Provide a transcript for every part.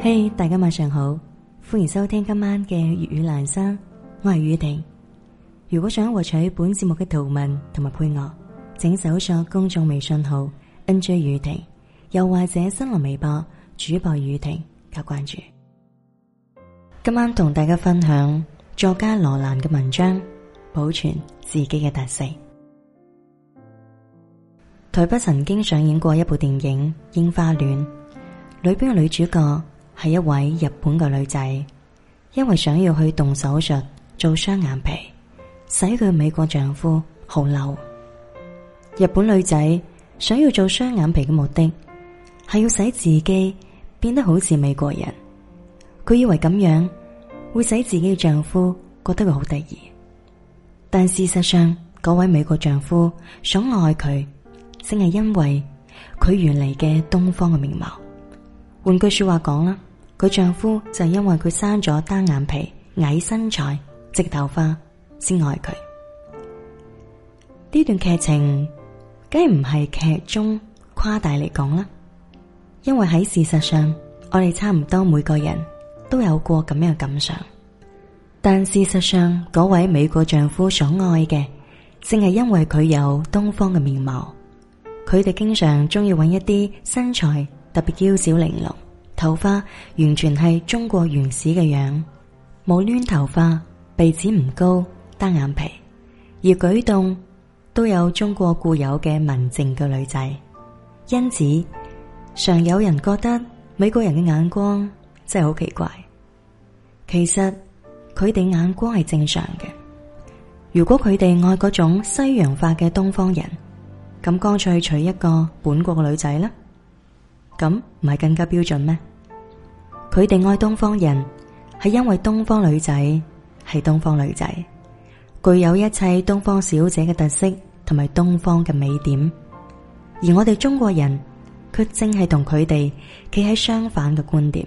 嘿，hey, 大家晚上好，歡迎收聽今晚嘅粵語蘭生，我係雨婷。如果想獲取本節目嘅圖文同埋配樂，請搜索公眾微信號 n j 雨婷，又或者新浪微博主播雨婷加關注。今晚同大家分享作家羅蘭嘅文章，保存自己嘅特色。台北曾經上映過一部電影《櫻花戀》，裏邊嘅女主角。係一位日本嘅女仔，因為想要去動手術做雙眼皮，使佢美國丈夫好嬲。日本女仔想要做雙眼皮嘅目的，係要使自己變得好似美國人。佢以為咁樣會使自己嘅丈夫覺得佢好得意，但事實上嗰位美國丈夫想愛佢，正係因為佢原嚟嘅東方嘅面貌。換句說話講啦。佢丈夫就因為佢生咗單眼皮、矮身材、直頭髮，先愛佢。呢段劇情梗唔係劇中誇大嚟講啦，因為喺事實上，我哋差唔多每個人都有過咁樣嘅感想。但事實上，嗰位美國丈夫所愛嘅，正係因為佢有東方嘅面貌。佢哋經常中意搵一啲身材特別嬌小玲瓏。頭髮完全係中國原始嘅樣，冇攣頭髮，鼻子唔高，單眼皮，而舉動都有中國固有嘅文靜嘅女仔，因此常有人覺得美國人嘅眼光真係好奇怪。其實佢哋眼光係正常嘅，如果佢哋愛嗰種西洋化嘅東方人，咁乾脆娶一個本國嘅女仔呢？咁唔係更加標準咩？佢哋愛東方人，係因為東方女仔係東方女仔，具有一切東方小姐嘅特色同埋東方嘅美點。而我哋中國人，佢正係同佢哋企喺相反嘅觀點。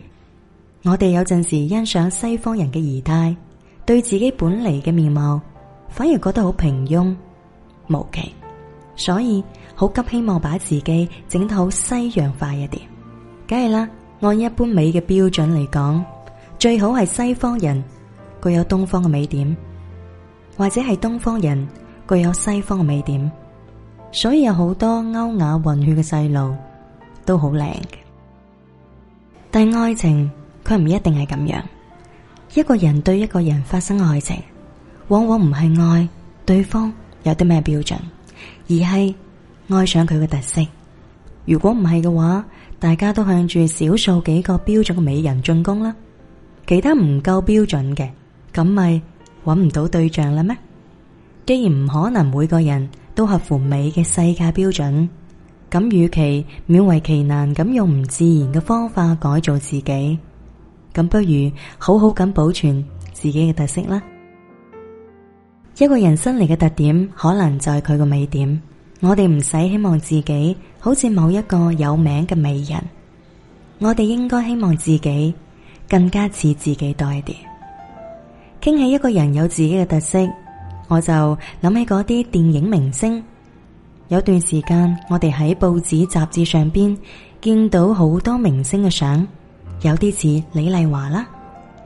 我哋有陣時欣賞西方人嘅儀態，對自己本嚟嘅面貌反而覺得好平庸、無奇，所以好急希望把自己整到西洋化一點。梗係啦，按一般美嘅標準嚟講，最好係西方人具有東方嘅美點，或者係東方人具有西方嘅美點。所以有好多歐亞混血嘅細路都好靚嘅。但係愛情，佢唔一定係咁樣。一個人對一個人發生愛情，往往唔係愛對方有啲咩標準，而係愛上佢嘅特色。如果唔係嘅話，大家都向住少數幾個標準美人進攻啦，其他唔夠標準嘅，咁咪搵唔到對象啦咩？既然唔可能每個人都合乎美嘅世界標準，咁與其勉為其難咁用唔自然嘅方法改造自己，咁不如好好咁保存自己嘅特色啦。一個人生嚟嘅特點，可能就係佢個美點。我哋唔使希望自己好似某一個有名嘅美人，我哋應該希望自己更加似自己多啲。傾起一個人有自己嘅特色，我就諗起嗰啲電影明星。有段時間我哋喺報紙雜誌上邊見到好多明星嘅相，有啲似李麗華啦；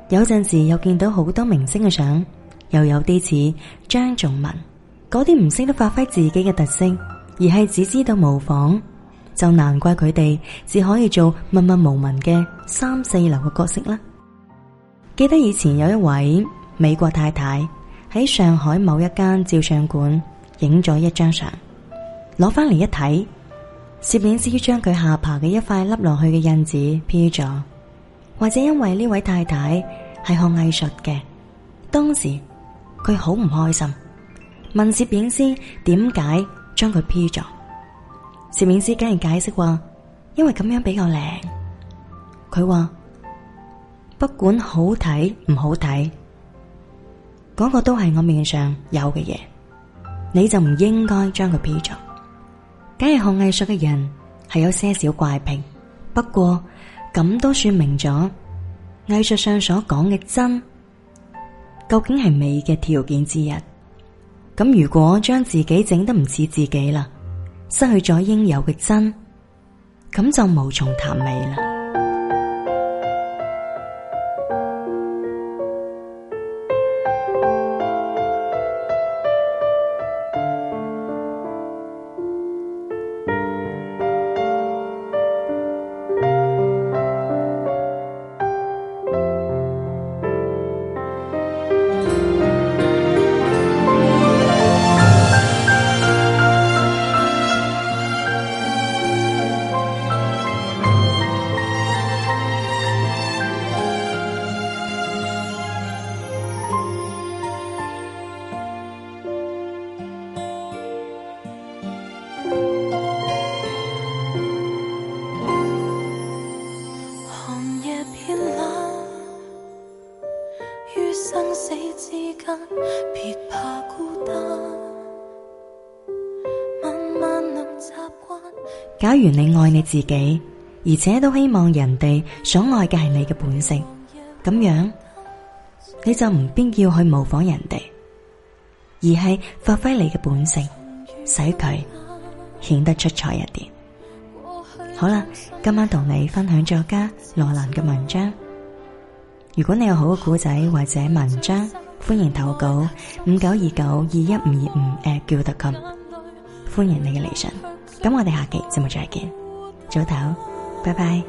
有陣時又見到好多明星嘅相，又有啲似張仲文。嗰啲唔識得發揮自己嘅特色，而係只知道模仿，就難怪佢哋只可以做默默無聞嘅三四流嘅角色啦。記得以前有一位美國太太喺上海某一間照相館影咗一張相，攞翻嚟一睇，攝影師將佢下巴嘅一塊凹落去嘅印子 P 咗，或者因為呢位太太係學藝術嘅，當時佢好唔開心。問攝影師點解將佢 P 咗？攝影師竟然解釋話，因為咁樣比較靚。佢話不管好睇唔好睇，嗰個都係我面上有嘅嘢，你就唔應該將佢 P 咗。梗係學藝術嘅人係有些少怪癖，不過咁都說明咗，藝術上所講嘅真，究竟係美嘅條件之一。咁如果將自己整得唔似自己啦，失去咗應有嘅真，咁就無從談美啦。假如你愛你自己，而且都希望人哋所愛嘅係你嘅本性，咁樣你就唔必要去模仿人哋，而係發揮你嘅本性，使佢顯得出彩一啲。好啦，今晚同你分享作家羅蘭嘅文章。如果你有好嘅故仔或者文章，歡迎投稿五九二九二一五二五，誒，叫德琴。歡迎你嘅嚟信，咁我哋下期節目再見，早唞，拜拜。